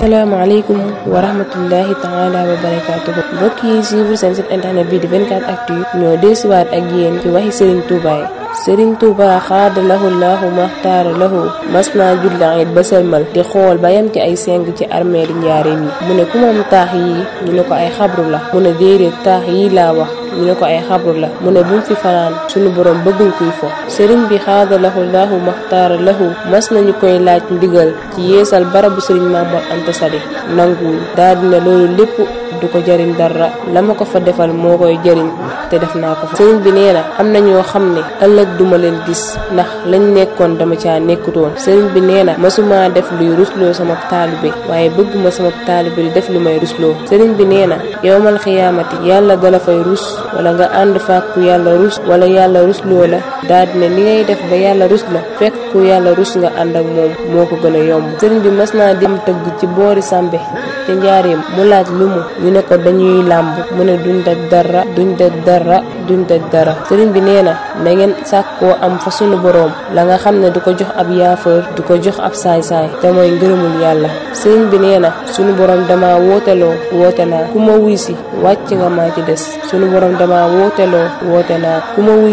asalaamaaleykum wa rahmatullahi taala wa barakaatu mbokk yi suivre seen site internet bii di 24 actu ñoo dee siwaat ak yéen ci waxi Serigne Touba yi sëriñ Touba xaada lahu laahu maxtaara lahu mas naa jullaxit ba sëlmal di xool ba ci ay seng ci armée di njaareem yi mu ne ku moom taax yi ñu ne ko ay xabru la mu ne déedéet taax yi laa wax ñu ne ko ay xabru la mu ne buñ fi fanaan suñu borom bëggul kuy fo sëriñ bi xaada lahu laahu maxtaara lahu mas nañu koy laaj ndigal ci yeesal barabu sëriñ Mamoor Anta Sali nanguwul daal dina loolu lépp du ko jariñ dara la ma ko fa defal moo koy jariñ te def naa ko fa sëriñ bi nee na am na ñoo xam ne ëllëg duma leen gis ndax lañu nekkoon dama caa nekkutoon sëriñ bi nee na masuma def luy rusloo sama taalibe waaye bëgg ma sama taalibe di def lu may rusloo sëriñ bi nee na yowmal xiyaamati yàlla dala fay rus wala nga ànd fàkku yàlla rus wala yàlla rusloo la daa dina li ngay def ba yàlla rus la fekk yàlla rus nga ànd ak moom moo ko gën a yomb sëriñ bi mës naa dem tëgg ci boori sàmbe ca njaareem mu laaj lu mu ñu ne dañuy làmb mu ne duñ daj dara duñ daj dara duñ daj dara sëriñ bi nee na na ngeen sàkkoo am fa sunu borom la nga xam ne du ko jox ab yaafër du ko jox ab saay-saay te mooy ngërëmul yàlla sëriñ bi nee na sunu boroom dama wooteeloo woote naa ku ma wuy si wàcc nga maa ci des sunu boroom dama wooteloo woote naa ku ma wuy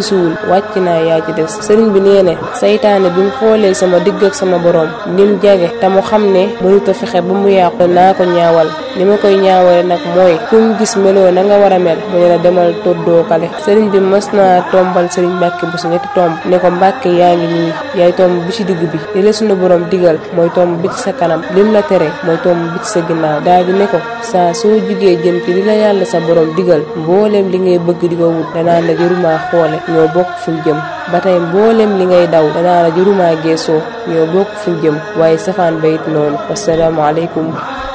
wàcc naa yaa ci des sëriñ bi nee seytaane saytaane bi xoolee sama digg ak sama borom nim jege te mu xam ne mënuta fexe ba mu yàqu naa ko ñaa ñaawal li ma koy ñaawale nag mooy kum gis meloo na nga war a mel mu ne la demal toddoo kale sëriñ bi mës naa tombal sëriñ Mbàkke bu su ñetti tomb ne ko Mbàkke yaa ngi nii yaay tomb bi ci digg bi li la sunu borom digal mooy tomb bi sa kanam lim la tere mooy tomb bi ci sa daa di ne ko saa soo jugee jëm ci la yàlla sa borom digal mbooleem li ngay bëgg di ko wut danaa la jërumaa xoole ñoo bokk fuñ jëm ba tey mbooleem li ngay daw danaa la jërumaa geesoo ñoo bokk fuñ jëm waaye safaan bayit noonu wassalaamu aleykum